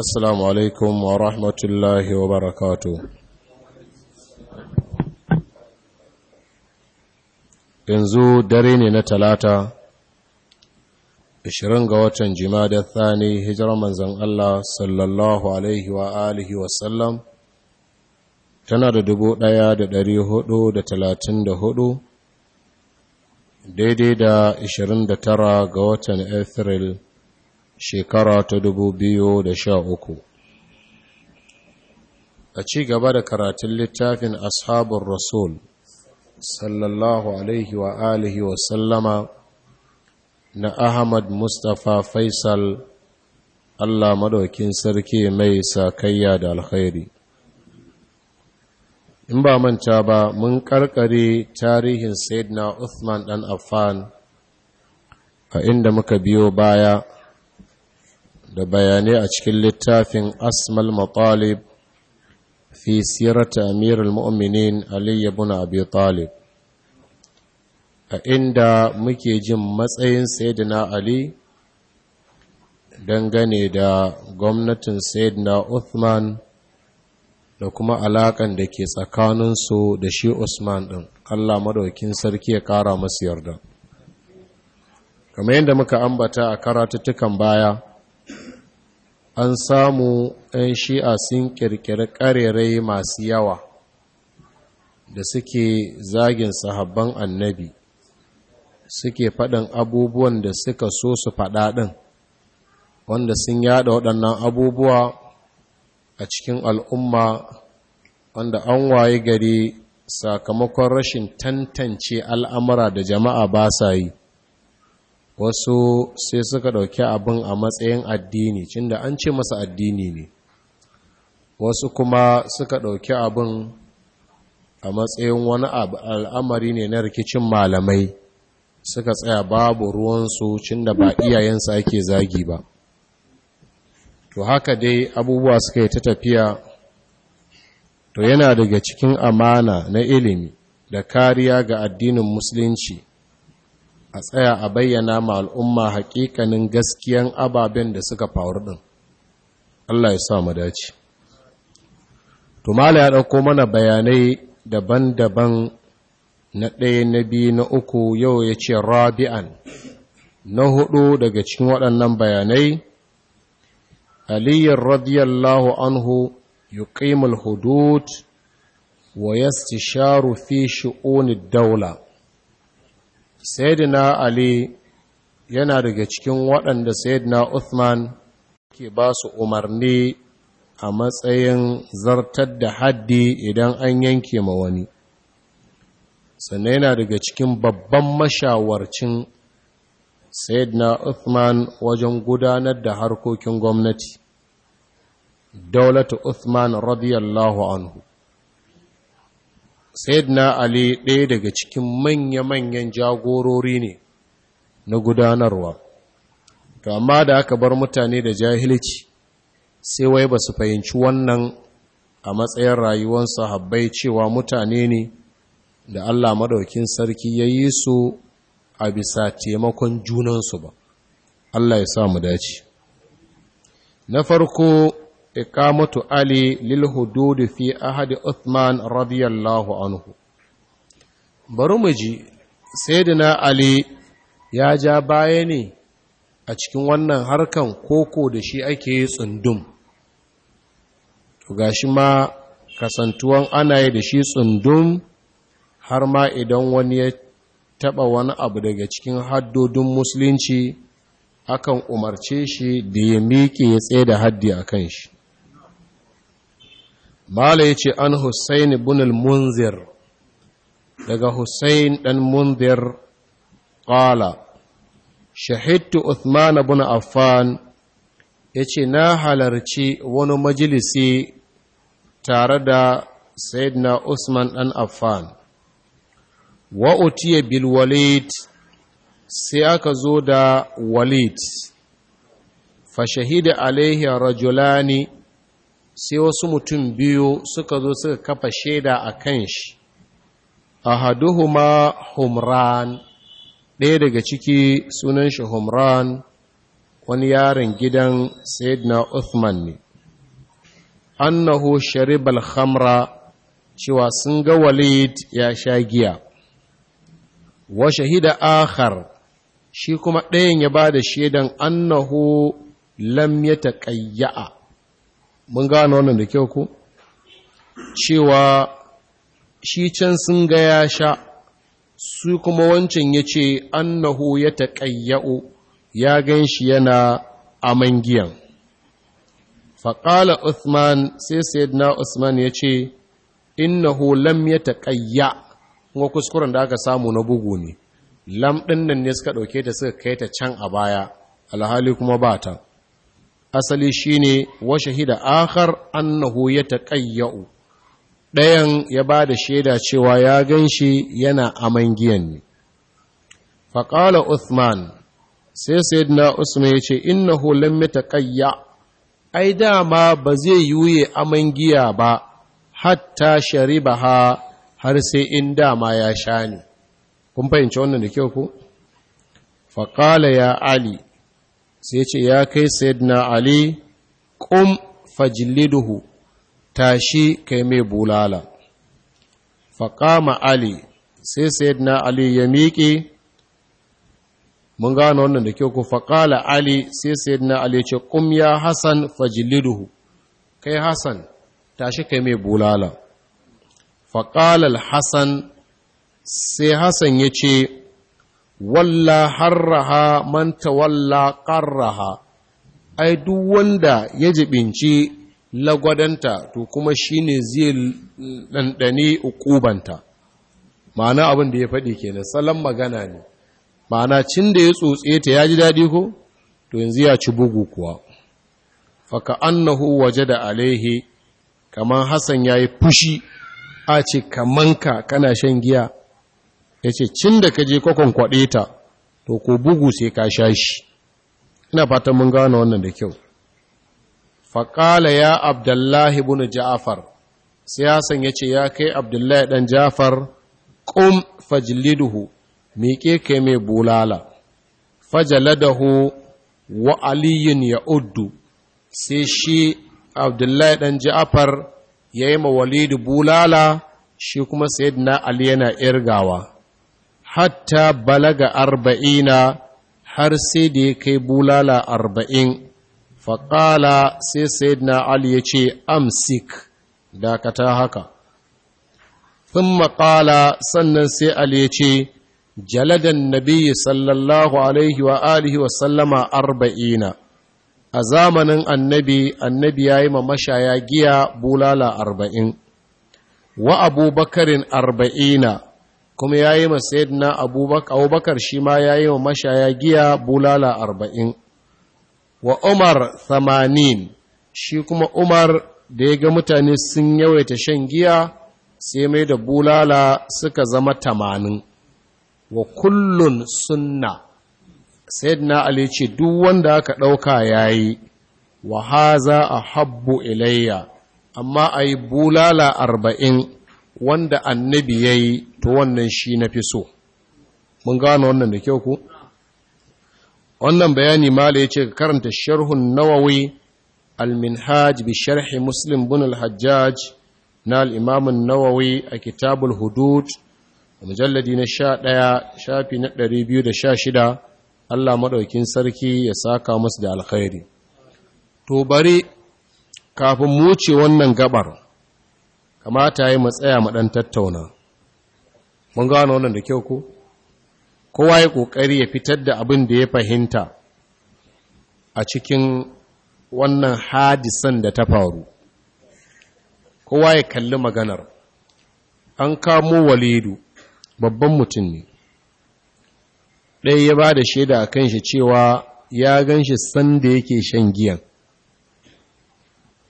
Asalamu alaikum wa rahmatullahi wa barakato. Yanzu dare ne na Talata, ishirin ga watan Juma da Sani hijar manzan Allah (SAW) tana da dubu ɗaya da dari hudu da talatin da hudu daidai da ishirin da tara ga watan Afril. shekara ta dubu biyu da sha uku. a ci gaba da karatun littafin ashabun rasul sallallahu alaihi wa alihi wa sallama na ahmad mustapha faisal allah madaukin sarki mai sakayya da alkhairi in ba manta ba mun karkare tarihin sayyidina uthman dan affan a inda muka biyo baya da bayanai a cikin littafin asmal matalib fi sirata amirul mu'minin ali ibn abi talib a inda muke jin matsayin sayyidina ali dangane da gwamnatin sayyidina uthman da kuma alakan da ke tsakaninsu da shi usman ɗin, allah madaukin sarki ya ƙara masu yarda kamar yadda muka ambata a karatuttukan baya an samu 'yan shi'a sun kirkiri ƙarerai masu yawa da suke zagin sahabban annabi suke faɗin abubuwan da suka so su faɗa ɗin wanda sun yada waɗannan abubuwa a cikin al'umma wanda an waye gari sakamakon rashin tantance al'amura da jama'a ba sa yi wasu sai suka ɗauki abin a matsayin addini cinda an ce masa addini ne wasu kuma suka ɗauki abin a matsayin wani al'amari ne na rikicin malamai suka tsaya babu ruwansu cinda ba iyayensa ake zagi ba to haka dai abubuwa suka yi ta tafiya to yana daga cikin amana na ilimi da kariya ga addinin musulunci a tsaya a bayyana ma al'umma haƙiƙanin gaskiyan ababen da suka faru ɗin Allah ya sa mu dace tumala ya ɗauko mana bayanai daban-daban na ɗaya na biyu na uku yau ya ce rabi'an na hudu daga cikin waɗannan bayanai Aliyar radiyallahu anhu ƙimul hudud wa yasti sharufi shi'onid daula sayyidina ali yana daga cikin waɗanda sayyidina uthman ke ba su umarni a matsayin zartar da haddi idan an yanke ma wani sannan yana daga cikin babban mashawarcin sayyidina uthman wajen gudanar da harkokin gwamnati daulatu uthman radiyallahu anhu sayyidina ali ɗaya daga cikin manya-manyan jagorori ne na gudanarwa to amma da aka bar mutane da jahilci sai wai ba su fahimci wannan a matsayin rayuwar sahabbai cewa mutane ne da Allah maɗaukin sarki ya yi su a bisa taimakon junansu ba Allah ya sa mu dace na farko ikamatu ali lil hudud fi ahadi uthman radiyallahu anhu bari mu ji sayyidina ali ya ja baya ne a cikin wannan harkan koko da shi ake tsundum to gashi ma kasantuwan ana yi da shi tsundum har ma idan wani ya taba wani abu daga cikin haddodin musulunci akan umarce shi da ya miƙe ya tsaye da haddi a kan shi mala ya ce an hussain ibn al-munzir daga Hussain dan munzir qala shahidtu uthman ibn affan yace na halarci wani majalisi tare da sayyidina usman dan affan wa utiya bil walid sai aka zo da walid fa shahida alaihi rajulani sai wasu mutum biyu suka zo suka kafa shaida a kan shi ahaduhuma humran ɗaya daga ciki sunan shi humran wani yaron gidan sayyidina uthman ne annahu sharibal khamra cewa sun ga walid ya sha giya wa shahida akhar shi kuma ɗayan ya ba da shaidan annahu lam ya taƙayya'a mun gano wannan da kyau ku. cewa shi can sun ga ya sha su kuma wancan ya ce annahu ya taƙayya'u ya gan shi yana aman giyan faƙala Usman sai sayyidina Usman ya ce innahu lam ya taƙayya kuma kuskuren da aka samu na bugu ne lam ɗin nan ne suka ɗauke da suka kai ta can a baya alhali kuma ba ta asali shine wa shahida akhar annahu yataqayyu ɗayan ya ba da shaida cewa ya ganshi yana aman giyan ne faƙala uthman sai sayyidina usman ya ce innahu lam yataqayya ai dama ba zai yuye aman giya ba hatta sharibaha har sai in dama ya sha ne kun fahimci wannan da kyau ku faƙala ya ali sai ce ya kai sayyidina ali qum fajliduhu tashi kai mai bulala faƙama ali sai sayyidina ali ya miƙe mun gano wannan da kyau ku faƙala ali sai sayyidina ali ce kum ya hassan fajliduhu kai hasan tashi kai mai bulala faƙalar Hassan, sai Hassan ya ce walla harraha manta walla ƙarraha, ai duk wanda ya jibinci lagwadanta to kuma shine zai dandane ukubanta ma'ana abin da ya faɗi kenan salon magana ne ma'ana cin da ya tsotse ta ya ji daɗi ko to yanzu ya ci bugu kuwa faka annahu waje da alaihi kaman hassan ya yi fushi a ce kamanka kana shan giya ya ce cin da ka je kwakwan kwaɗe ta to ko bugu sai ka sha shi ina fatan mun gane wannan da kyau faƙala ya abdullahi bin ja'afar siyasan ya ce ya kai abdullahi ɗan ja'afar ƙum fajliduhu miƙe kai mai bulala fajaladahu wa aliyin ya uddu sai shi abdullahi ɗan ja'afar ya yi mawalidu bulala shi kuma sayyidina ali yana irgawa hatta balaga arba'ina har sai da ya kai bulala arba'in faƙala sai sayyidina ali ya ce amsik dakata haka sun maƙala sannan sai ali ya ce jaladan Nabiyyu sallallahu alaihi wa alihi wa arba'ina a zamanin annabi annabi ya yi ma mashaya giya bulala arba'in wa abubakarin arba'ina kuma ya yi na abubakar shi ma ya yi wa mashaya giya bulala arba'in wa umar thamanin shi kuma umar da ya ga mutane sun yawaita shan giya sai mai da bulala suka zama tamanin wa kullun sunna sayidina ali ce duk wanda aka ɗauka ya yi wa haza a habbu ilayya amma a yi bulala arba'in wanda annabi ya yi to wannan shi na fi so mun gano wannan da kyau ku wannan bayani mala ya ce karanta sharhun nawawi al-minhaj bi sharhi muslim bin al-hajjaj na al nawawi a kitabul hudud mujalladi na sha shafi na ɗari da sha shida allah maɗaukin sarki ya saka musu da alkhairi to bari kafin mu ce wannan gabar kamata yi matsaya ɗan tattauna mun gano wannan da kyau ko kowa ya ƙoƙari ya fitar da abin da ya fahimta a cikin wannan hadisan da ta faru kowa ya kalli maganar an kamo walidu babban mutum ne ɗaya ya ba da shaida a kan shi cewa ya gan shi sanda yake shan giyan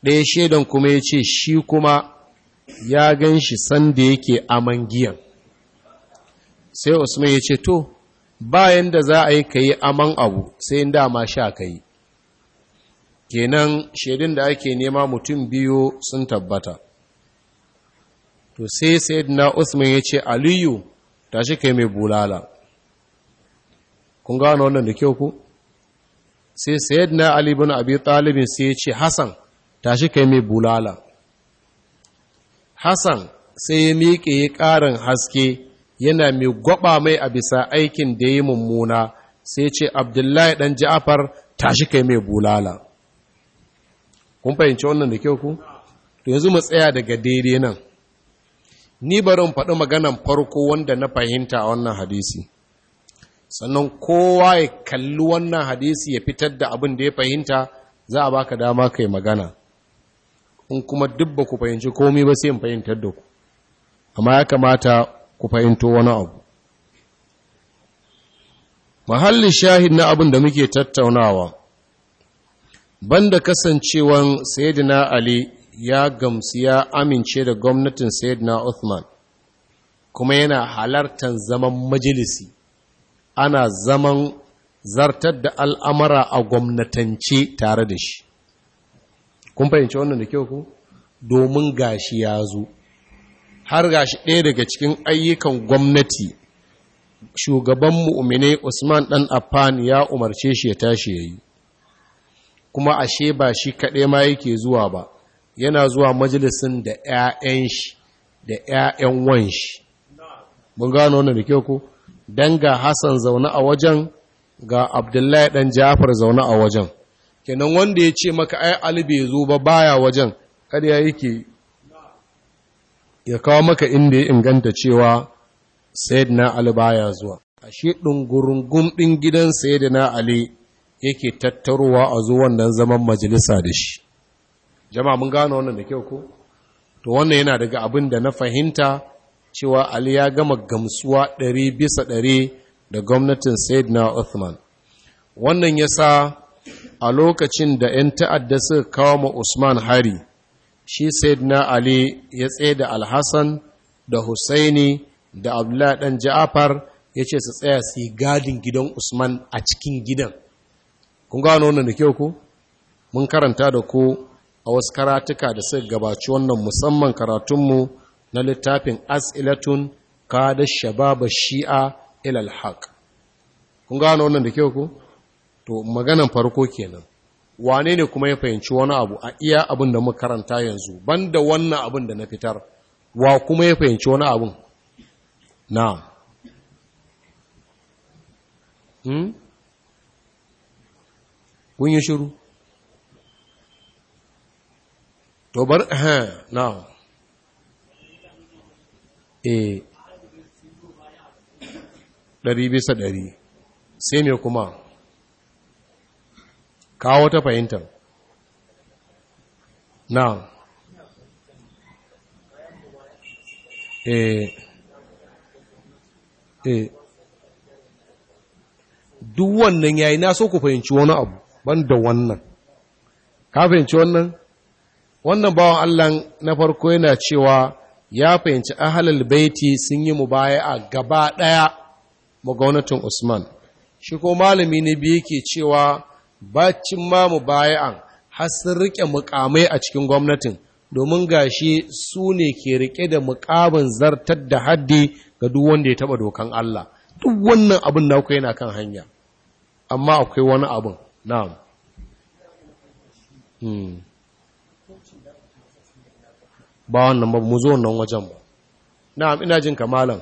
ɗaya shaidan kuma ya ce shi kuma ya gan shi sanda yake aman giyan sai usman ya ce to bayan da za a yi ka yi aman abu sai in dama sha ka yi kenan shaidun da ake nema mutum biyu sun tabbata to sai na usman ya ce aliyu ta shi ka yi mai bulala kun gano wannan da kyau ku sai sayyidina na alibin abi talibin sai ya ce Hassan ta shi ka yi mai bulala Hassan sai ya miƙe ya ƙarin haske yana mai gwaba mai a bisa aikin da ya mummuna sai ce Abdullahi ɗan Ja'afar tashi kai mai bulala. Kun fahimci wannan da kyau ku? To yanzu mu tsaya daga daidai nan. Ni bari barin faɗi maganan farko wanda na fahimta a wannan hadisi. Sannan kowa ya kalli wannan hadisi ya fitar da abin da ya fahimta za a baka dama kai magana. in kuma duk ku fahimci komai ba sai in fahimtar da ku amma ya kamata ku fahimto wani abu mahallin shahid na abin da muke tattaunawa banda kasancewan sayyidina ali ya gamsu ya amince da gwamnatin sayyidina uthman kuma yana halartar zaman majalisi ana zaman zartar da al'amara a gwamnatance tare da shi kun fahimci wannan da kyau ku domin gashi ya zo har gashi ɗaya daga cikin ayyukan gwamnati shugaban mu'mine Usman ɗan Affan ya umarce shi ya tashi ya yi, kuma ashe ba shi kaɗai ma yake zuwa ba yana zuwa majalisin da 'ya'yan shi da 'ya'yan wanshi mun gano wannan da kyau ku? dan ga Hassan zaune a wajen ga Abdullahi ɗan Ja'far zaune a wajen kenan wanda ya ce maka ai ali bai zo ba baya wajen Kada ya yake ya kawo maka inda ya inganta cewa sayyidina ali baya zuwa ashe ɗungurungum ɗin gidan sayyidina ali yake tattarowa a zo wannan zaman majalisa da shi jama'a mun gano wannan da kyau ko to wannan yana daga abin da na fahimta cewa ali ya gama gamsuwa ɗari bisa ɗari da gwamnatin sayyidina uthman wannan ya sa a lokacin da 'yan ta'adda suka kawo ma Usman hari, shi na Ali ya tsaye da Alhassan da Hussaini da Abdullah ɗan Ja'afar ya ce su tsaya su yi gadin gidan Usman a cikin gidan. Kun gano wannan da kyau ku? Mun karanta da ku a wasu karatuka da suka gabaci wannan musamman karatunmu na littafin As'ilatun Kada Shababa Shi'a Ilal Haq. Kun gano wannan da kyau ku? to maganan farko kenan wane ne kuma ya fahimci wani abu a iya abin da muka karanta yanzu banda wannan abin da na fitar wa kuma ya fahimci wani abin Na, hmm? kun yi shiru to bar ha eh, na e eh. ɗari bisa ɗari sai me kuma kawo ta fahimtar na eh eh duk wannan yayi na so ku fahimci wani abu ban da wannan ka fahimci wannan wannan bawan Allah na farko yana cewa ya fahimci ahalal baiti sun yi mubaya'a gaba daya ga gwamnatin Usman shi ko malami ne biyu yake cewa bacin ma mu bayan har sun rike mukamai a cikin gwamnatin domin gashi su ne ke rike da mukamin zartar da haddi ga duk wanda ya taba dokan Allah duk wannan abin na ku yana kan hanya amma akwai wani abin na'am hmm. ba wannan ba mu zo wannan wajen ba na'am ina jin kamalan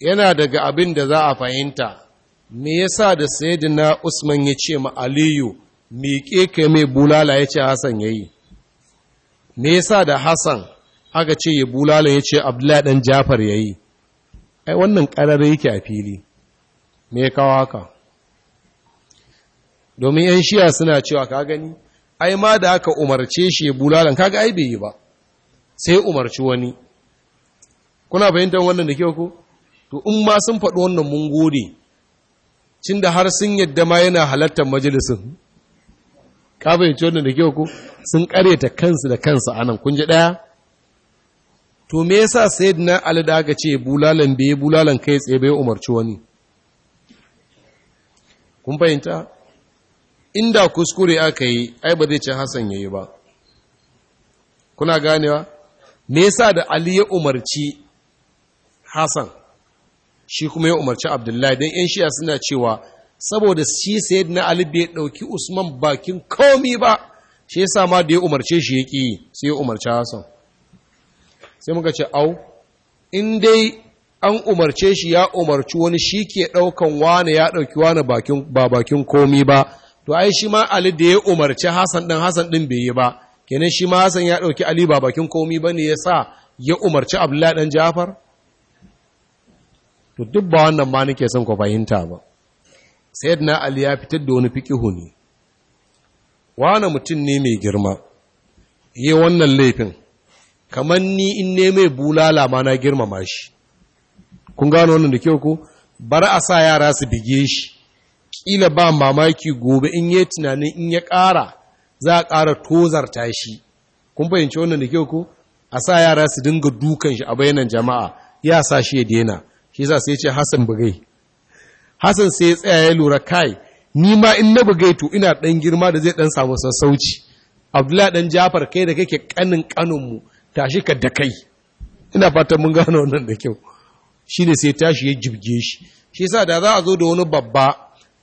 yana daga abin da za a fahimta me yasa da sayyidina Usman ya ce ma Aliyu miƙe ka mai bulala ya ce Hassan ya yi? me yasa da Hassan aka ce ya bulala ya ce Abdullahi dan Jafar yi? ai wannan ƙarar yake a fili me ya kawo haka domin yan shiya suna cewa ka gani ai ma da aka umarce shi ya bulala kaga ai bai yi ba sai umarci wani kuna fahimtar wannan da kyau ko to in ma sun faɗi wannan mun gode cin da har sun yadda ma yana halartar majalisun ka fahimci da kyau ku? sun karyata kansu da kansu anan kun ji daya to me yasa sayyidina ali da aka ce bulalan bai bulalan kai tsaye bai umarci wani kun fahimta inda kuskure aka yi ai ba zai ce hasan yayi ba kuna ganewa me yasa da ali ya umarci Hassan? shi kuma ya umarci abdullahi don yan shiya suna cewa saboda shi sayid na ali bai ɗauki usman bakin komi ba shi ya ma da ya umarce shi ya ƙi sai ya umarci hassan sai muka ce au in dai an umarce shi ya umarci wani shi ke ɗaukan wane ya ɗauki wane ba bakin komi ba to ai shi ma ali da ya umarci hassan ɗin hassan ɗin bai yi ba kenan shi ma hassan ya ɗauki ali ba bakin komi ba ne ya sa ya umarci abdullahi ɗan jafar to duk ba wannan ma nake son ku fahimta ba sayyidina ali ya fitar da wani fikihu ne wani mutum ne mai girma yi wannan laifin kamar ni in ne mai bulala ma na girmama shi kun gano wannan da kyau ko bar a sa yara su bige shi kila ba mamaki gobe in yi tunanin in ya ƙara za a ƙara tozarta shi kun fahimci wannan da kyau ko a sa yara su dinga dukan shi a bayanan jama'a ya sa shi ya daina shi yasa sai ya ce Hassan bugai Hassan sai ya tsaya ya lura kai ni ma in na bugai to ina dan girma da zai dan samu sassauci Abdullah dan Jafar kai da kake kanin kanunmu tashi ka da kai ina fatan mun gano wannan da kyau Shi ne sai tashi ya jibge shi shi yasa da za a zo da wani babba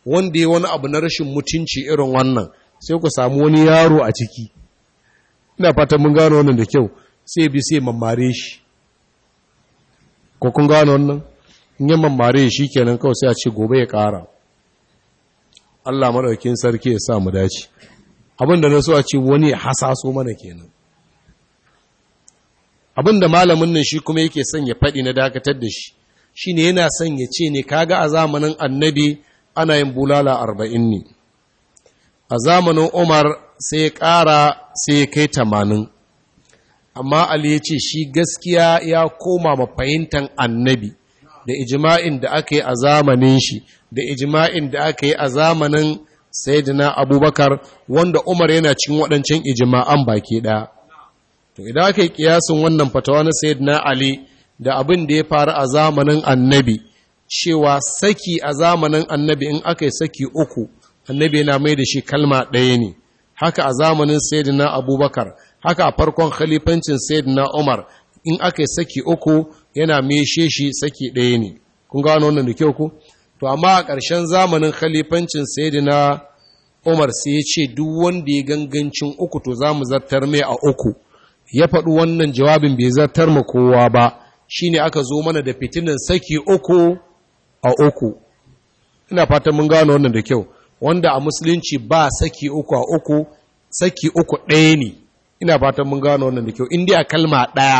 wanda ya wani abu na rashin mutunci irin wannan sai ku samu wani yaro a ciki ina fatan mun gano wannan da kyau sai bi sai mamare shi ko kun gano wannan in yi mammare shi kenan kawai sai a ce gobe ya kara Allah maɗaukin sarki ya sa mu dace abinda na so a ce wani ya hasaso mana kenan abinda malamin nan shi kuma yake son ya faɗi na dakatar da shi shi ne yana son ya ce ne kaga a zamanin annabi ana yin bulala arba'in ne a zamanin umar sai ya ƙara sai ya kai tamanin amma ali ya ce shi gaskiya ya koma ma fahimtar annabi da ijma'in da aka yi a zamanin shi da ijma'in da aka yi a zamanin sayyidina abubakar wanda umar yana cin waɗancan ijma'an baki ɗaya to idan aka yi ƙiyasin wannan fatawa na sayyidina ali da abin da ya faru a zamanin annabi cewa saki a zamanin annabi in aka yi saki uku annabi yana mai da shi kalma ɗaya ne haka a zamanin sayyidina abubakar haka a farkon khalifancin sayyidina umar in aka yi saki uku yana meshe shi saki ɗaya ne kun gano wannan da kyau ku to amma a ƙarshen zamanin khalifancin sayyidina Umar sai ya ce duk wanda ya gangancin uku to za mu zartar mai a uku ya faɗi wannan jawabin bai zartar ma kowa ba shine aka zo mana da fitinan saki uku a uku ina fatan mun gano wannan da kyau wanda a musulunci ba saki uku a uku saki uku ɗaya ne ina fatan mun gano wannan da kyau in dai a kalma ɗaya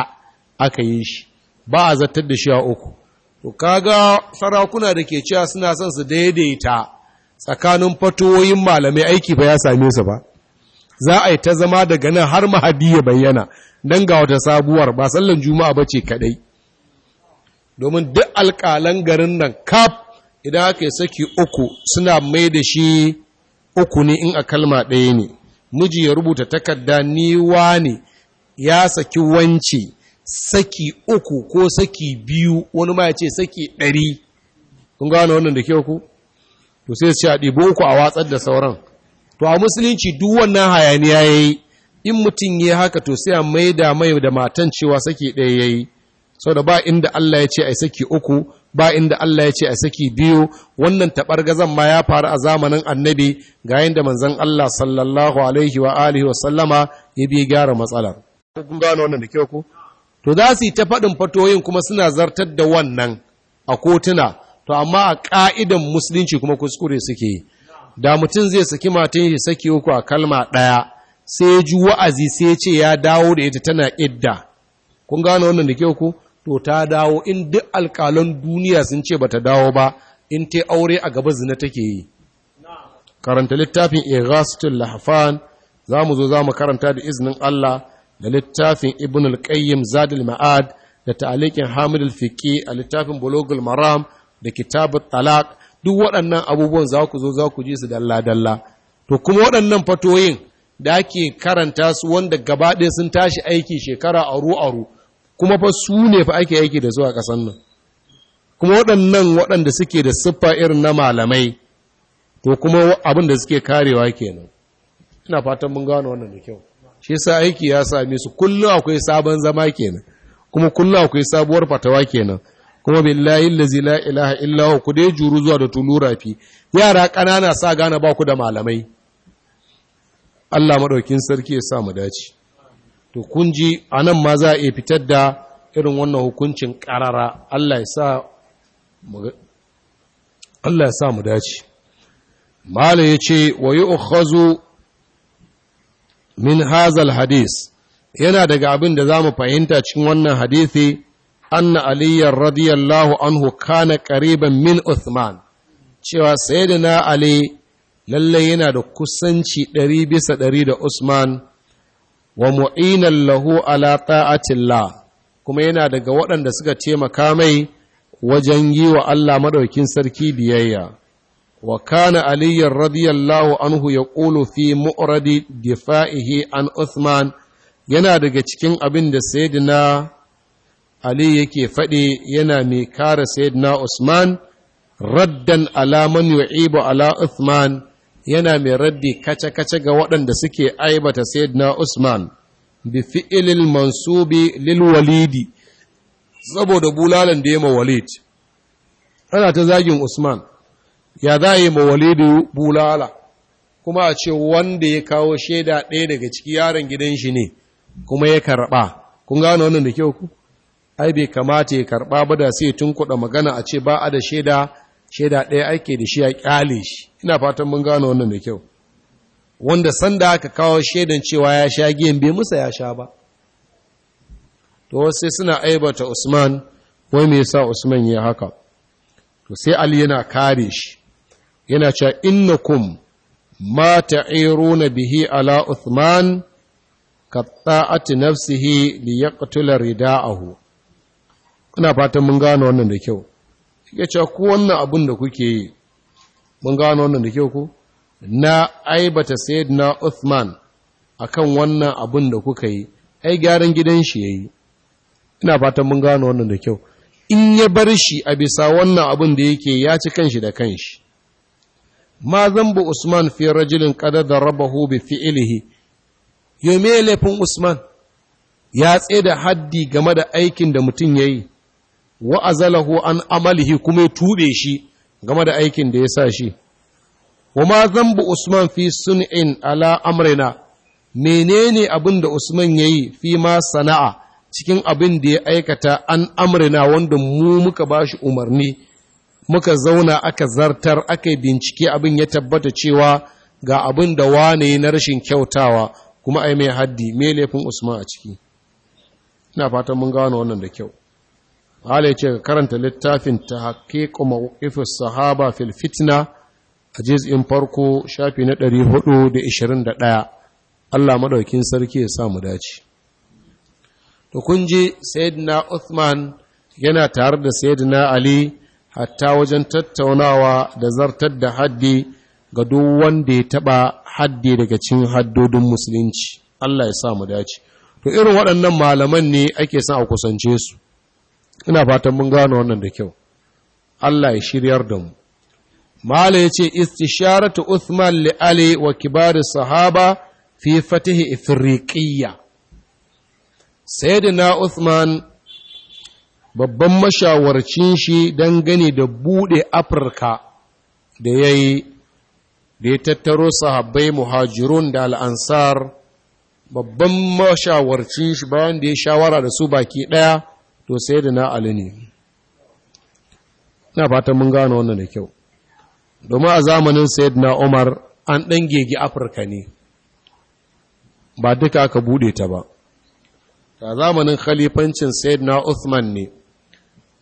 aka yi shi ba a zartar da shi a uku to kaga sarakuna da ke cewa suna son su daidaita tsakanin fatoyin malamai aiki ba ya same su ba za a yi ta zama daga nan har mahadi ya bayyana don ga wata sabuwar ba sallan juma'a ba ce kaɗai. domin duk alƙalan garin nan kaf idan aka yi saki uku suna mai da shi uku ne in a kalma ɗaya ne miji ya rubuta takarda ni ne ya saki wanci saki uku ko saki biyu wani ma ya ce saki ɗari kun gano wannan da kyau ku to sai su a ɗibo uku a watsar da sauran to a musulunci duk wannan hayaniya ya yi in mutum ya haka to sai a da mai da matan cewa saki ɗaya ya yi sau da ba inda Allah ya ce a saki uku ba inda Allah ya ce a saki biyu wannan taɓar zan ma ya faru a zamanin annabi ga yadda manzon Allah sallallahu alaihi wa alihi wa sallama ya bi gyara matsalar kun gano wannan da kyau ku to za su yi ta faɗin fatoyin kuma suna zartar da wannan a kotuna to amma a ƙa'idan musulunci kuma kuskure suke yi da mutum zai saki matan shi saki uku a kalma ɗaya sai ya ji wa'azi sai ce ya dawo da ita tana idda kun gano wannan da kyau ku to ta dawo in duk alƙalan duniya sun ce bata dawo ba in ta aure a gaba zina take yi karanta littafin ighasatul lahfan za mu zo za mu karanta da iznin Allah da littafin ibn al-qayyim al ma'ad da ta'alikin hamid al-fiqi a littafin al maram da at talaq duk waɗannan abubuwan za ku zo za ku ji su dalla-dalla to kuma waɗannan fatoyin da ake karanta su wanda gaba sun tashi aiki shekara aru-aru kuma fa su ne fa ake aiki da su a ƙasar nan kuma waɗannan waɗanda suke da siffa irin na malamai to kuma abin da suke karewa kenan ina fatan mun gano wannan da kyau shi yasa aiki ya same su kullum akwai sabon zama kenan kuma kullum akwai sabuwar fatawa kenan kuma billahi allazi la ilaha illa ku dai juru zuwa da tulura rafi yara kanana sa gane ba ku da malamai Allah madaukin sarki ya sa mu dace to kun ji anan ma za a iya fitar da irin wannan hukuncin karara Allah ya sa mu Allah ya sa mu dace mala yace wa yu'khazu min hazal hadis yana daga abin da za mu fahimta cikin wannan hadisi anna aliyyar radiyallahu anhu kana ƙariban min Uthman cewa sayyidina Ali lallai yana da kusanci ɗari bisa ɗari da Usman wa mu'inan lahu ala ta'atillah kuma yana daga waɗanda suka taimaka mai wajen yi wa Allah maɗaukin sarki biyayya Wakana kana aliyyar anhu ya ƙulu fi mu'radi difa'ihi an Usman, yana daga cikin abin da Sayyidina Ali yake faɗi yana mai kare Sayyidina Usman raddan alaman yu'ibu ala Uthman yana mai raddi kace-kace ga waɗanda suke aibata Sayyidina Usman bi fi'ilil mansubi lil walidi saboda bulalan da ya walid ana ta zagin Usman ya za a yi ma da bulala kuma a ce wanda ya kawo shaida ɗaya daga ciki yaron gidan shi ne kuma ya karɓa kun gano wannan da kyau ku ai bai kamata ya karɓa ba da sai tun kuɗa magana a ce ba a da shaida shaida ɗaya ake da shi a ƙyale shi ina fatan mun gano wannan da kyau wanda sanda aka kawo shaidan cewa ya sha giyan bai musa ya sha ba to sai suna aibata Usman wai me yasa Usman ya haka to sai Ali yana kare shi yana cewa innakum ma ta'iruna bihi ala Uthman ka ta'ati nafsihi li yaqtula rida'ahu ina fatan mun gano wannan da kyau yake cewa ku wannan abin da kuke yi mun gano wannan da kyau ku na aibata sayyidina Uthman akan wannan abin da kuka yi ai gyaran gidan shi yayi ina fatan mun gano wannan da kyau in ya bar shi a bisa wannan abin da yake ya ci kanshi da kanshi ma zamba usman fi rajulin kada da rabahu bi fi'ilihi yo me laifin usman ya da haddi game da aikin da mutum ya yi wa azalahu an amalihi kuma ya tube shi game da aikin da ya sa shi wa ma zamba usman fi sun'in ala amrina menene abin da usman ya yi fi ma sana'a cikin abin da ya aikata an amrina wanda mu muka bashi umarni muka zauna aka zartar aka bincike abin ya tabbata cewa ga abin da wane na rashin kyautawa kuma ai mai haddi mai laifin usman a ciki ina fatan mun gano wannan da kyau hala ce ga karanta littafin ta kuma ifis sahaba fil fitna a juz'in farko shafi na 421 Allah maɗaukin sarki ya sa mu dace to kun ji sayyidina Uthman yana tare da sayyidina Ali hatta wajen tattaunawa da zartar da haddi ga duk wanda ya taba haddi daga cikin haddodin musulunci Allah ya sa mu dace to irin waɗannan malaman ne ake son a kusance su ina fatan mun gano wannan da kyau Allah ya shiryar da mu mala yace istisharatu Uthman li Ali wa kibar sahaba fi fatihi ifriqiyya sayyidina Uthman babban mashawarcin shi dangane da buɗe afirka da ya yi da ya tattaro sahabbai muhajirun da al'ansar babban mashawarcin shi bayan da ya shawara da su baki ɗaya to sai da na ali ne na fatan mun gano wannan da kyau domin a zamanin na umar an ɗan gegi afirka ne ba duka aka buɗe ta ba ta zamanin khalifancin na uthman ne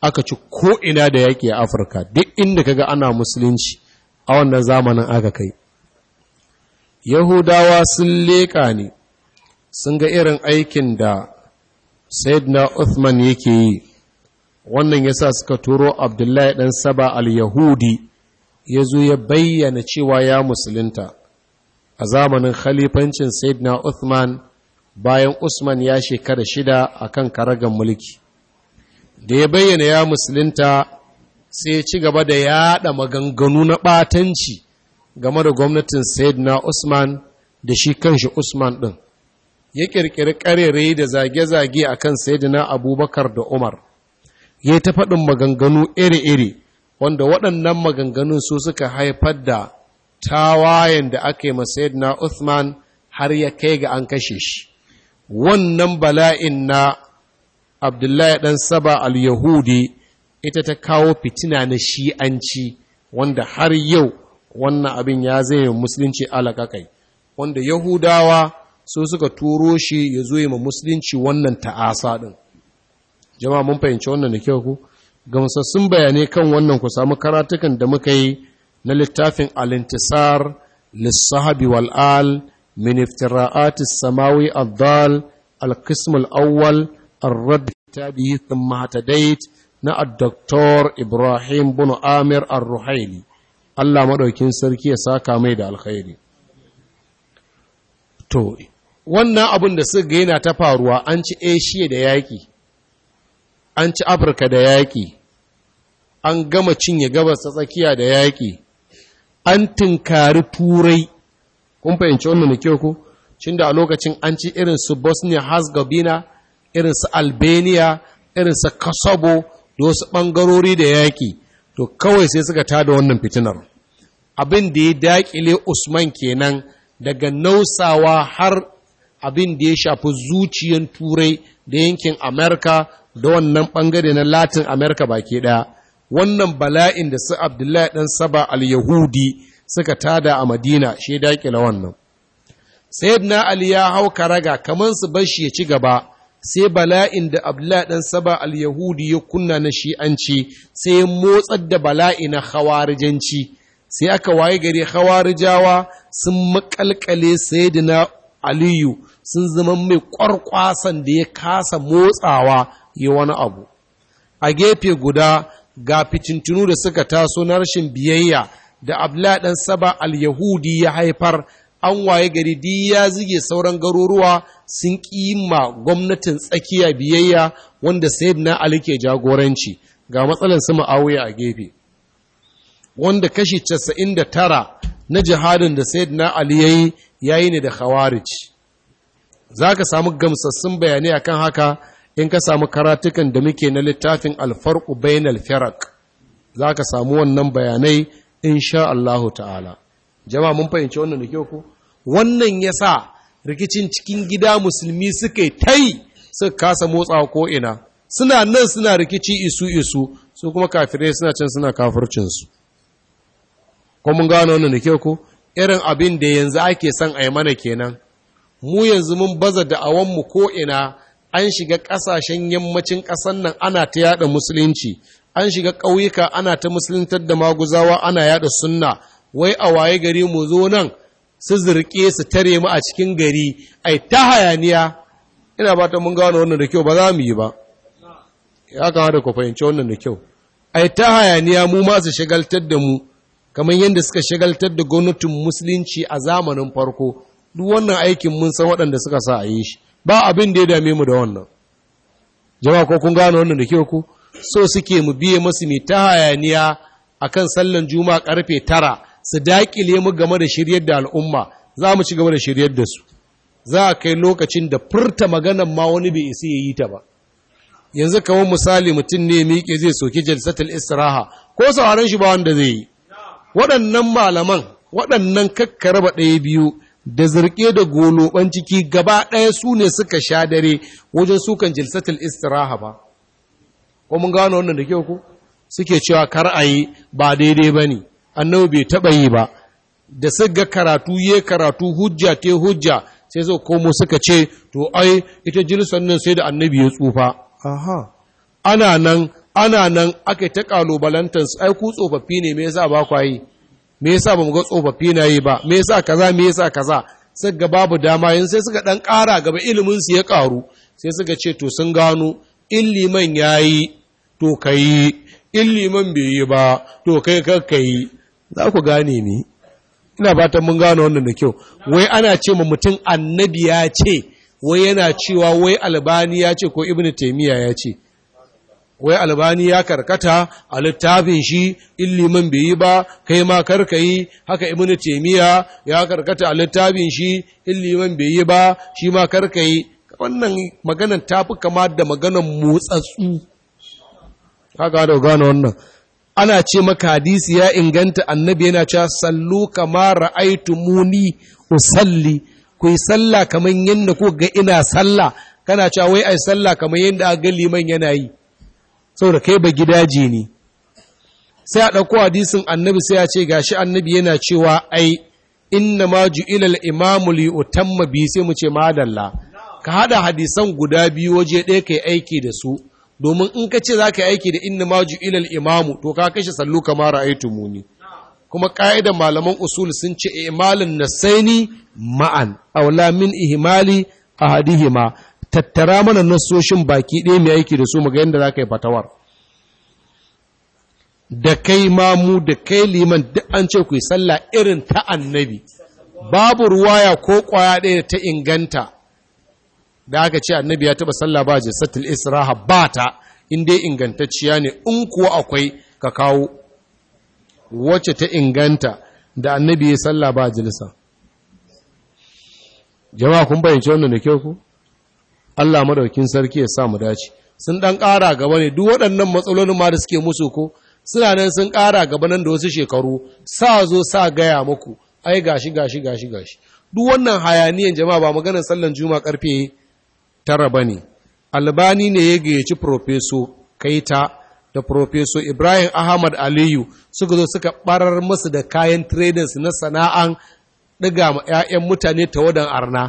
aka ci ko'ina da yaƙi a afirka duk inda kaga ana musulunci a wannan zamanin aka kai yahudawa sun leƙa ne sun ga irin aikin da na uthman yake yi wannan ya sa suka turo abdullahi ɗan saba al-yahudi ya zo ya bayyana cewa ya musulunta a zamanin khalifancin na uthman bayan usman ya shekara shida a kan karagan mulki da ya bayyana ya musulunta sai ci gaba da yada maganganu na batanci game da gwamnatin sayyidina usman da shi kanshi usman din ya kirkiri karere da zage-zage a kan sayyidina abubakar da umar ya ta faɗin maganganu iri-iri wanda waɗannan maganganun su suka haifar da tawayen da aka yi sayyidina usman har ya kai ga an kashe shi wannan bala'in na abdullahi ɗan saba al-yahudi ita ta kawo fitina na shi'anci wanda har yau wannan abin ya zai musulunci alaƙaƙai wanda yahudawa su suka turo shi ya zo yi ma musulunci wannan ta'asa ɗin jama'a mun fahimci wannan da kyau ku gamsassun bayanai kan wannan ku samu karatukan da muka yi na littafin alintisar lissahabi wal'al min samawi abdal al awwal الرد كتابه ثم اهتديت نا الدكتور إبراهيم بن آمر الرحيلي الله مدوكين سركي ساكا ميدا الخيري to wannan abin da suka yana ta faruwa an ci Asia da yaƙi an ci Afirka da yaƙi an gama cinye gabas ta tsakiya da yaƙi an tinkari turai kun fahimci wannan da kyau ko cin da a lokacin an ci irin su Bosnia Herzegovina irin su albania irin su kasabo da wasu ɓangarori da yaƙi to kawai sai suka tada wannan fitinar abin da ya daƙile usman kenan daga nausawa har abin da ya shafi zuciyan turai da yankin amerika da wannan bangare na latin amerika baki ɗaya wannan bala'in da su abdullahi ɗan saba al-yahudi suka tada a madina shi daƙila wannan sayyidina ali ya hau karaga kamar su bashi ya ci gaba sai bala'in da abla ɗan saba al-yahudi ya kunna na shi'anci sai motsar da bala'i na hawarijanci sai aka waye gari hawarijawa sun makalkale na aliyu sun zama mai kwarkwasan da ya kasa motsawa ya wani abu a gefe guda ga fitintunu da suka taso na rashin biyayya da abla ɗan saba al-yahudi ya haifar an waye gari duk ya zige sauran garuruwa sun ƙima gwamnatin tsakiya biyayya wanda na ali ke jagoranci ga matsalar sama ma'awiya a gefe wanda kashi 99 na jihadin da na ali yayi yayi ne da khawarij zaka samu gamsassun bayanai akan haka in ka samu karatukan da muke na littafin alfarqu bainal firaq zaka samu wannan bayanai insha Allah ta'ala jama'a mun fahimci wannan da kyau ko wannan ya sa rikicin cikin gida musulmi suka yi ta yi suka kasa motsa ko'ina suna nan suna rikici isu isu su kuma kafirai suna can suna kafircinsu ko mun gano wannan da kyau ko irin abin da yanzu ake son a yi mana kenan mu yanzu mun baza da mu ko'ina an shiga ƙasashen yammacin ƙasan nan ana ta yada musulunci an shiga ƙauyuka ana ta musuluntar da maguzawa ana yada sunna wai a waye gari mu zo nan su zirke su tare mu a cikin gari ai ta hayaniya ina ba ta mun gano wannan da kyau ba za mu yi ba ya kawo da ku fahimci wannan da kyau ai ta hayaniya mu ma su shagaltar da mu kamar yadda suka shagaltar da gwamnatin musulunci a zamanin farko duk wannan aikin mun san waɗanda suka sa a yi shi ba abin da ya dame mu da wannan jama'a ko kun gano wannan da kyau ku so suke mu biye masu mai ta hayaniya akan sallan juma'a karfe tara su daƙile mu game da shiryar da al'umma za mu ci gaba da shiryar da su za a kai lokacin da furta maganan ma wani bai isi ya yi ta ba yanzu kamar misali mutum ne miƙe zai soki jalsatul istiraha ko sauraron shi ba wanda zai yi waɗannan malaman waɗannan ba ɗaya biyu da zirƙe da goloban ciki gaba ɗaya su ne suka sha dare wajen sukan jilsatul istiraha ba ko mun gano wannan da kyau ku suke cewa kar a yi ba daidai ba ne annabi bai taɓa yi ba da suka karatu ya karatu hujja te hujja sai zo komo suka ce to ai ita jilisan nan sai da annabi ya tsufa aha ana nan ana nan aka ta kalubalantar ai ku tsofaffi ne me yasa ba ku yi me yasa bamu ga tsofaffi na yi ba me yasa kaza me yasa kaza ga babu dama yin sai suka dan ƙara gaba ilimin su ya ƙaru sai suka ce to sun gano in liman yayi to kai in liman bai yi ba to kai ka yi za ku gane ni ina fatan mun gane wannan da kyau wai ana ce ma mutum annabi ya ce wai yana cewa wai albani ya ce ko ibnu taymiya ya ce wai albani ya karkata a littafin shi illiman bai yi ba kai ma karkayi haka ibnu taymiya ya karkata a littafin shi illiman bai yi ba shi ma karkayi wannan maganan tafi kama da maganan motsatsu haka da gane wannan ana ce maka hadisi ya inganta annabi yana cewa sallu kama ra'aitu muni usalli ku yi sallah kamar yadda ku ga ina sallah kana cewa wai ai sallah kamar yadda ga liman yana yi saboda kai ba gidaje ne sai a ɗauko hadisin annabi sai ya ce gashi annabi yana cewa ai inna ma ju'ila al-imamu li utamma bi sai mu ce madalla ka hada hadisan guda biyu waje ɗaya kai aiki da su domin in ka ce za ka yi aiki da inna maju ilal imamu to ka kashe sallu kama ra'aitu muni kuma ƙa'idar malaman usul sun ce imalin nasaini ma'an aula min ihimali a ahadihima tattara mana nasoshin baki ɗaya mai aiki da su maga yadda za ka yi fatawar da kai mamu da kai liman duk an ce ku yi sallah irin ta annabi babu ruwaya ko ƙwaya ɗaya ta inganta da aka ce annabi ya taba sallah ba jilsatul israha ba in dai ingantacciya ne in kuwa akwai ka kawo wacce ta inganta da annabi ya sallah ba jilsa jama'a kun bayyance wannan da kyau ku Allah madaukin sarki ya sa mu dace sun dan ƙara gaba ne duk waɗannan matsalolin ma da suke musu ko suna nan sun ƙara gaba nan da wasu shekaru sa zo sa gaya muku ai gashi gashi gashi gashi duk wannan hayaniyan jama'a ba maganar sallan juma'a karfe tara ba ne albani ne ya gayyaci profeso kaita da profeso ibrahim ahmad aliyu suka zo suka barar masu da kayan traders na sana'an ɗiga ma 'ya'yan mutane ta wadan arna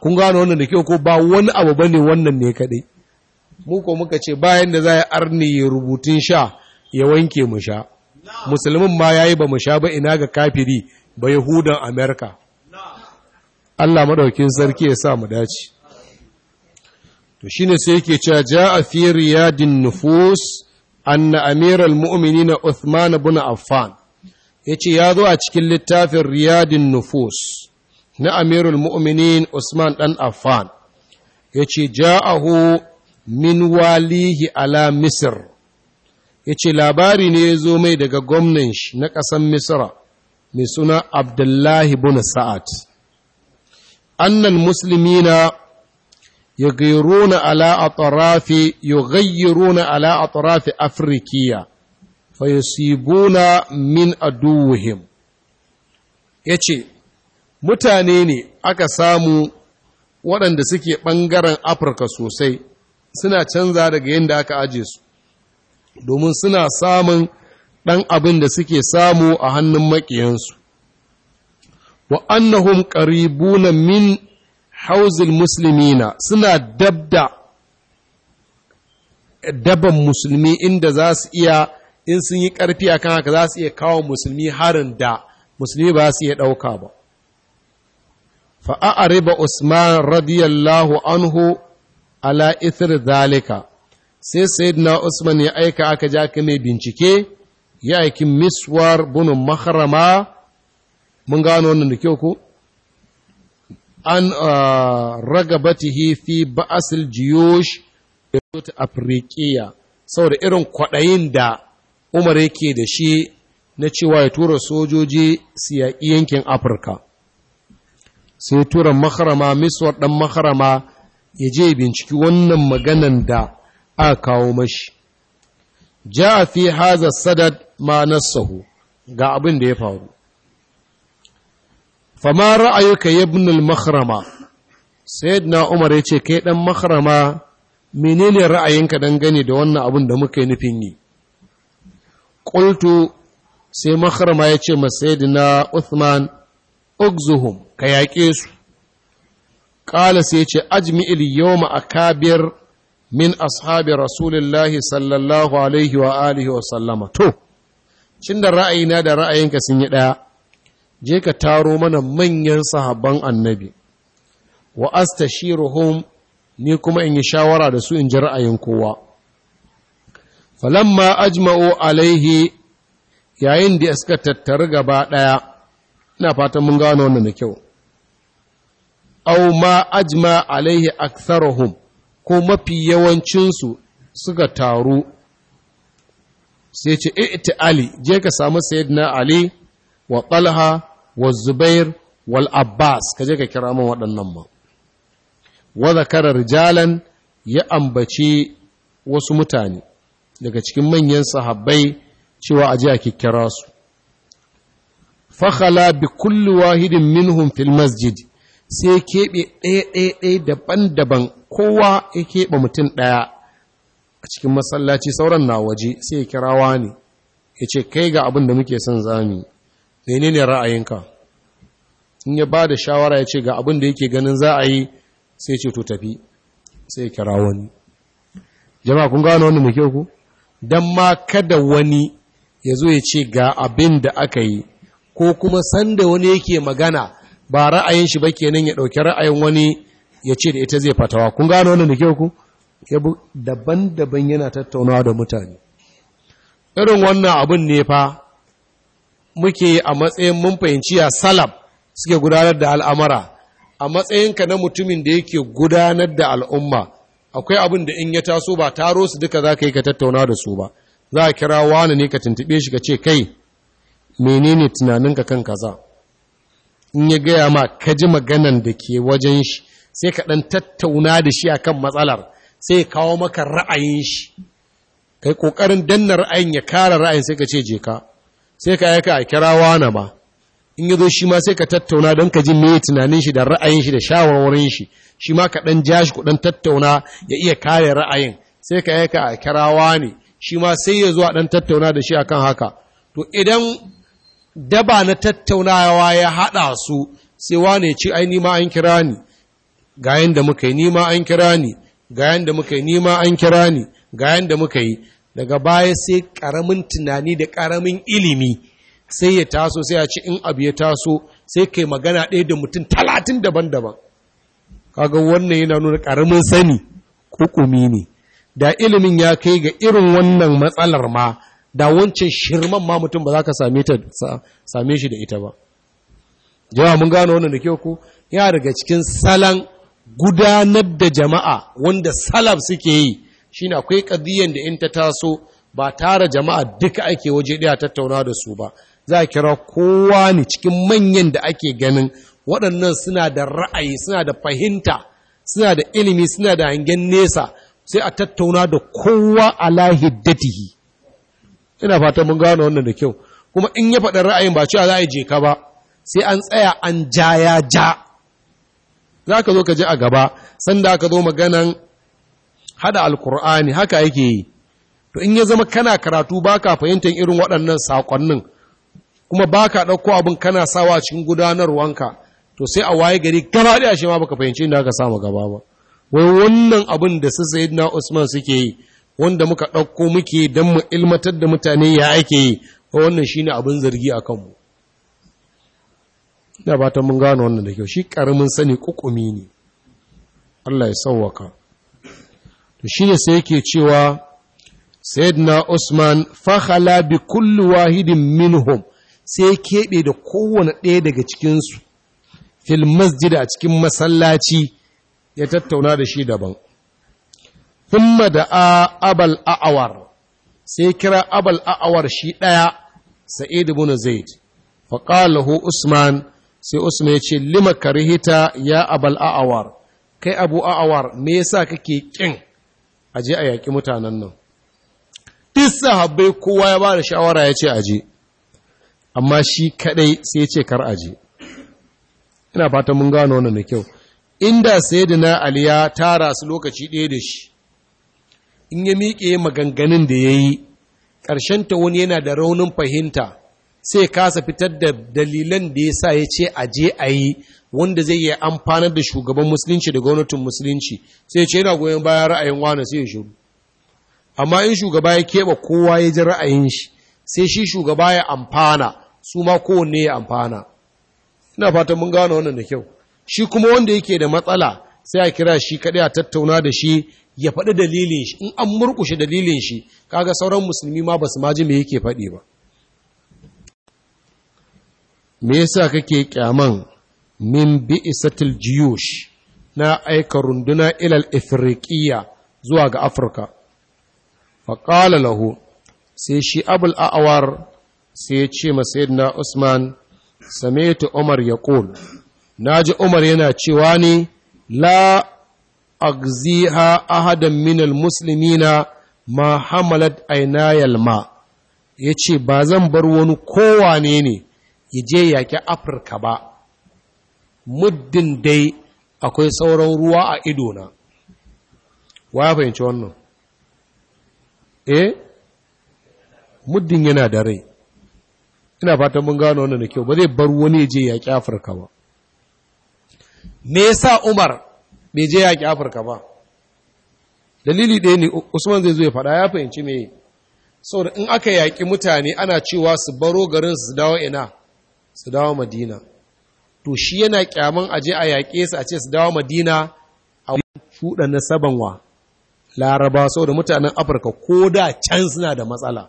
kun gano wannan da kyau ko ba wani abu ba ne wannan ne kaɗai mu muka ce bayan da za a arni rubutun sha ya wanke mu sha musulmin ma ya yi ba mu sha ba ina ga kafiri ba yahudan amerika allah maɗaukin sarki ya sa mu dace to shine sai yake cewa ja'a fi riyadin nufus anna amiral mu'minina Uthman ibn Affan yace ya zo a cikin littafin riyadin nufus na amirul mu'minin Usman dan Affan yace ja'ahu min walihi ala Misr yace labari ne ya zo mai daga gwamnan shi na ƙasar Misra mai suna Abdullahi ibn Sa'ad annal muslimina يغيرون على أطراف يغيرون على أطراف أفريقيا فيصيبون من أدوهم yace mutane ne aka samu waɗanda suke ɓangaren Afrika sosai suna canza daga yanda aka aje su domin suna samun ɗan abin da suke samu a hannun maƙiyansu wa annahum qaribuna min hauzil muslimina suna dabda daban musulmi inda za su iya in sun yi ƙarfi a kan haka za su iya kawo musulmi harin da musulmi ba su iya ɗauka ba fa'a'ariba usman radiyallahu anhu ala ithir zalika sai sayyidina usman ya aika aka ja ka mai bincike ya aiki miswar bunun makarama mun gano wannan da kyau ku. an uh, ragabatihi fi ba'asil jiyosh ta afirikiya saboda irin kwaɗayin da umar yake da shi na cewa ya tura sojoji su yaƙi yankin afirka sai tura makarama miswar ɗan makarama ya je binciki wannan maganan da a kawo mashi ja fi haza sadad ma nasahu ga abin da ya faru fama ra'ayuka ibn makarama. makhrama sayyidina umar yace kai makarama mene menene ra'ayinka dangane da wannan abun da muka yi nufin yi ƙultu sai ya yace ma sayyidina uthman ugzuhum ka yaƙe su qala sai yace ajmi'il yawma akabir min ashabi rasulillahi sallallahu alaihi wa alihi wa sallama to cin da ra'ayina da ra'ayinka sun yi ɗaya je ka taro mana manyan sahabban annabi wa astashiruhum ni kuma in yi shawara da su in ji ra'ayin kowa falamma ajma'u alaihi yayin da suka tattaru gaba ɗaya ina fatan mun gano wannan da kyau aw ma ajma alaihi aktharuhum ko mafi yawancinsu suka taru sai ce ali je ka samu sayyidina ali wa talha والزبير zubair wal abbas ka je ka kira min waɗannan ma wa ya ambaci wasu mutane daga cikin manyan sahabbai cewa aje a kikkira su fakhala bi kulli wahidin minhum fil masjid sai keɓe ɗaya ɗaya ɗaya daban-daban kowa ya keɓe mutum ɗaya a cikin masallaci sauran na waje sai kirawa ne ya ce kai ga abin da muke son zamu menene ra'ayinka in ya ba da shawara ya ce ga abin da yake ganin za a yi sai ce to tafi sai ya kira wani jama kun gano wannan da kyau ku don ma kada wani ya zo ya ce ga abin da aka yi ko kuma sanda wani yake magana ba ra'ayin shi ba kenan ya ɗauki ra'ayin wani ya ce da ita zai fatawa kun gano wannan da kyau ku daban-daban yana tattaunawa da mutane irin wannan abin ne fa muke a matsayin mun fahimci ya salam suke gudanar da al'amara a matsayinka na mutumin da yake gudanar da al'umma akwai abin da in ya taso ba taro su duka za ka yi ka tattauna da su ba za a kira wani ne ka tuntuɓe shi ka ce kai menene tunaninka kan kaza in ya gaya ma ka ji maganan da ke wajen shi sai ka ɗan tattauna da shi akan matsalar sai kawo maka ra'ayin shi kai ƙoƙarin danna ra'ayin ya kara ra'ayin sai ka ce je ka sai ka aika a kira wani ba. in zo shi ma sai ka tattauna don ka ji mai tunanin shi da ra'ayin shi da shawarwarin shi shi ma ka ɗan jashi ku tattauna ya iya kare ra'ayin sai ka aika a kira wani shi ma sai ya zo a ɗan tattauna da shi akan haka to idan daba na tattaunawa ya haɗa su sai ya ci ai nima an kira ni ga yanda muka yi nima an kira ni ga yanda muka yi nima an kira ni ga yanda muka yi daga baya sai karamin tunani da karamin ilimi sai ya taso sai a ci in abu ya taso sai kai magana ɗaya da mutum talatin daban-daban kaga wannan yana nuna karamin sani ko kumi ne da ilimin ya kai ga irin wannan matsalar ma da wancan shirman ma mutum ba za ka same shi da ita ba jama'a mun gano wannan da kyau ko ya daga cikin salan gudanar da jama'a wanda salaf suke yi shine akwai ƙadiyyar da in ta taso ba tara jama'a duka ake waje ɗaya tattauna da su ba za a kira kowa ne cikin manyan da ake ganin waɗannan suna da ra'ayi suna da fahimta suna da ilimi suna da hangen nesa sai a tattauna da kowa ala hiddatihi ina fata mun gano wannan da kyau kuma in ya faɗa ra'ayin ba cewa za a je ka ba sai an tsaya an ja ya ja za ka zo ka je a gaba sanda ka zo maganan hada alkur'ani haka yake yi to in ya zama kana karatu baka fahimtar irin waɗannan sakonnin kuma baka ɗauko abin kana sawa cikin gudanarwanka to sai a waye gari gaba ɗaya shi ma baka fahimci inda aka samu gaba ba wai wannan abin da su sayyidina Usman suke yi wanda muka ɗauko muke dan mu ilmatar da mutane ya ake yi ko wannan shine abin zargi a kanmu ina fatan mun gano wannan da kyau shi karamin sani ƙuƙumi ne Allah ya sauwaka to ne sai yake cewa sayyidina Usman fakhala bi kulli wahidin minhum sai keɓe da kowane ɗaya daga cikinsu fil masjid a cikin masallaci ya tattauna da shi daban thumma da abal a'awar sai kira abal awar shi ɗaya sa'id ibn zaid fa hu usman sai usman ya ce lima karihita ya abal awar, kai abu a'awar me yasa kake kin a je a yaƙi mutanen nan duk sahabbai kowa ya ba da shawara ya ce a je amma shi kaɗai sai ce kar a je ina fata mun gano wannan da kyau inda sayyidina ali ya tara su lokaci ɗaya da shi in ya miƙe maganganun da ya yi ƙarshenta wani yana da raunin fahimta sai kasa fitar da dalilan da ya sa ya ce a je a yi wanda zai yi amfanar da shugaban musulunci da gwamnatin musulunci sai ce yana goyon bayan ra'ayin wani sai ya shiru amma in shugaba ya keɓe kowa ya ji ra'ayin shi sai shi shugaba ya amfana su ma kowanne ya amfana ina fata mun gano wannan da kyau shi kuma wanda yake da matsala sai a kira shi kaɗai a tattauna da shi ya faɗi dalilin shi in an murkushe dalilin shi kaga sauran musulmi ma ba su ma ji me yake faɗi ba me yasa kake kyaman min bi'isatil jiyush na aika runduna ilal ifriqiya zuwa ga afirka faƙala lahu sai shi abul a'awar sai ya ce masayidina usman samaitu umar ya ƙul na ji umar yana cewa ne la aqziha ahadan minal muslimina ma hamalat aynayal ma ya ba zan bar wani kowane ne ya je yaƙi afirka ba muddin dai akwai sauran ruwa a idona wa ya fahimci wannan eh muddin yana da rai ina fatan mun gano wannan da kyau ba zai bar wani je yaƙi afirka ba me yasa umar bai je yaƙi afirka ba dalili ɗaya ne usman zai zo ya faɗa ya fahimci me saboda in aka yaƙi mutane ana cewa su baro garin su dawo ina su dawo madina to shi yana kyaman aje a yaƙe su a ce su dawo madina a shuɗa na sabanwa laraba sau da mutanen afirka ko da can suna da matsala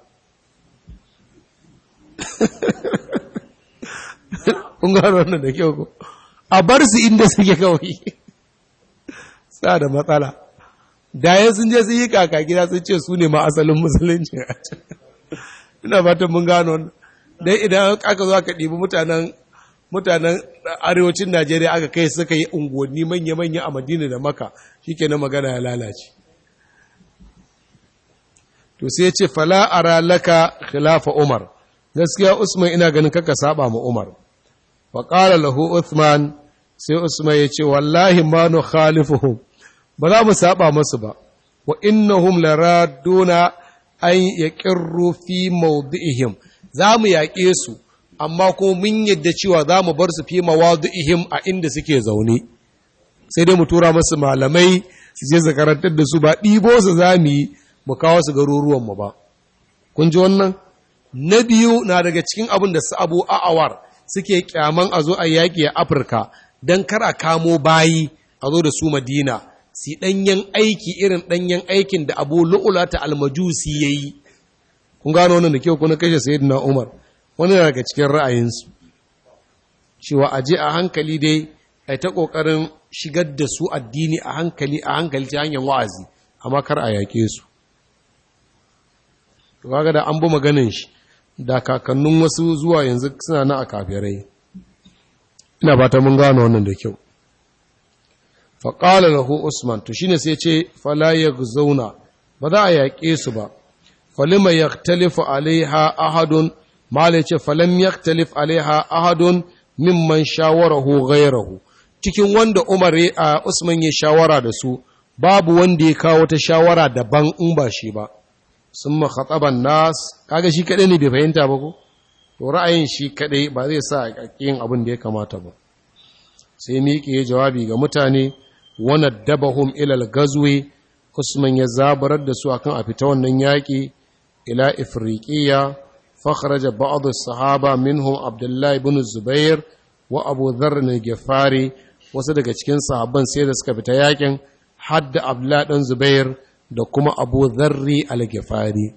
ƙungarar wannan da kyau ko a bar su inda suke kawai sa da matsala dayan sun je sun yi kaka gida sun ce su ne ma asalin musulunci ina fatan mun gano dan idan aka zo aka ɗibi mutanen arewacin Najeriya aka kai suka yi unguwanni manya-manya a Madina da Maka na magana ya lalace to sai ya ce fala ara ralaka khilafa Umar gaskiya Usman ina ganin kaka saba ma Umar wa qala lahu usman sai Usman ya ce wallahi ma nu ba za mu saba masu ba wa innahum laraduna an ya fi maudu'ihim za mu yaƙe su amma ko mun yadda cewa za mu bar su fi mawadu'ihim a inda suke zaune sai dai mu tura masu malamai su je su da su ba ɗibo su za mu yi mu kawo su garuruwanmu ba kun ji wannan na biyu na daga cikin abin da su abu awar suke kyaman a zo a yaƙi a afirka don kar a kamo bayi a zo da su madina si ɗanyen aiki irin ɗanyen aikin da abu lu'ula ta almajusi ya yi kun gano wannan da kyau kuna kashe sayyidina Umar wani daga cikin ra'ayinsu cewa a je a hankali dai a ta kokarin shigar da su addini a hankali a hankali ta hanyar wa'azi amma kar a yaƙe su to kaga da an bi maganin shi da kakannin wasu zuwa yanzu suna na a kafirai ina fata mun gano wannan da kyau faƙalar lahu usman to shine sai ce fala ya zauna ba za a yaƙe su ba falima yaktalifu alaiha ahadun malai ce falam yaktalif alaiha ahadun mimman shawarahu cikin wanda Umar a Usman ya shawara da su babu wanda ya kawo ta shawara daban in ba shi ba sun makhataban nas kaga shi kadai ne bai fahimta ba ko to ra'ayin shi kadai ba zai sa yin abin da ya kamata ba sai miƙe jawabi ga mutane wani dabahum ilal gazwe Usman ya zabarar da su akan a fita wannan yaƙi ila ifriqiya fakhraja ba'd as-sahaba minhum abdullah ibn zubair wa abu dharr al-ghifari wasu daga cikin sahabban sai da suka fita yakin hadda abdullah dan zubair da kuma abu zarri al-ghifari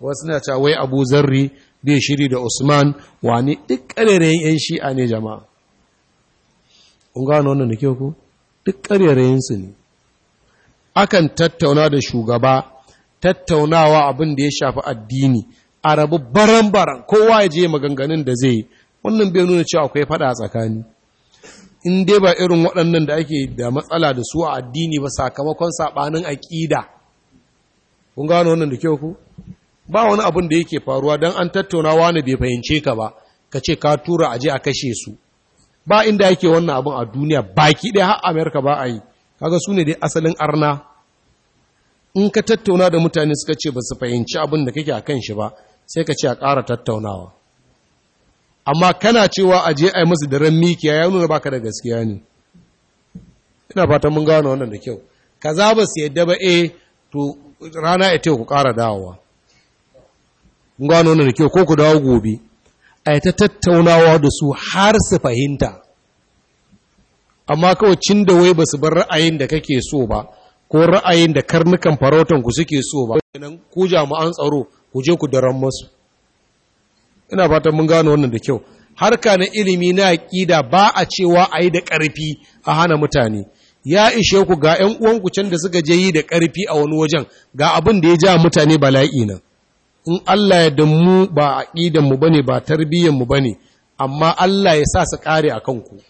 wasu na cewa wai abu zarri bai shiri da usman wani duk ƙarerayen yan shi'a ne jama'a kun gano wannan da kyau ku duk ƙarerayen ne akan tattauna da shugaba tattaunawa abin da ya shafi addini a rabu baran-baran kowa ya je maganganun da zai wannan bai nuna cewa akwai fada a tsakani in dai ba irin waɗannan da ake da matsala da su a addini ba sakamakon saɓanin aƙida kun gano wannan da kyau ku ba wani abin da yake faruwa don an tattaunawa wani bai fahimce ka ba ka ce ka tura a je a kashe su ba inda yake wannan abin a duniya baki ɗaya har amerika ba a yi kaga su ne dai asalin arna in ka tattauna da mutane suka ce ba su fahimci abin da kake a kan shi ba sai ka ce a ƙara tattaunawa amma kana cewa a je a yi masu daren mikiya ya nuna baka da gaskiya ne ina fatan mun gano wannan da kyau Ka za ba su yadda ba eh to rana ya ku ƙara dawowa mun gano wannan da kyau ko ku dawo gobe a ta tattaunawa da su har su fahimta amma kawai cin da wai ba su bar ra'ayin da kake so ba ko ra'ayin da karnukan farautan ku suke so ba kenan ku jami'an tsaro ku je ku daren musu. ina fatan mun gano wannan da kyau harka na ilimi na aƙida ba a cewa a yi da ƙarfi a hana mutane ya ishe ku ga 'yan uwanku can da suka je yi da ƙarfi a wani wajen ga abin da ya ja mutane bala'i nan in Allah ya damu ba aqidan mu bane ba tarbiyyan mu bane amma Allah ya sa su kare akan ku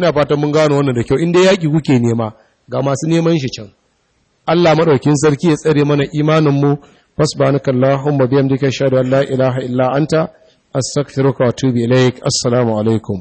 ina fatan mun gano wannan da kyau inda yaki kuke nema ga masu neman shi can Allah maɗaukin sarki ya tsare mana imanin mu fasbanaka Allahumma bihamdika ashhadu an la ilaha illa anta astaghfiruka wa atubu ilaik assalamu alaikum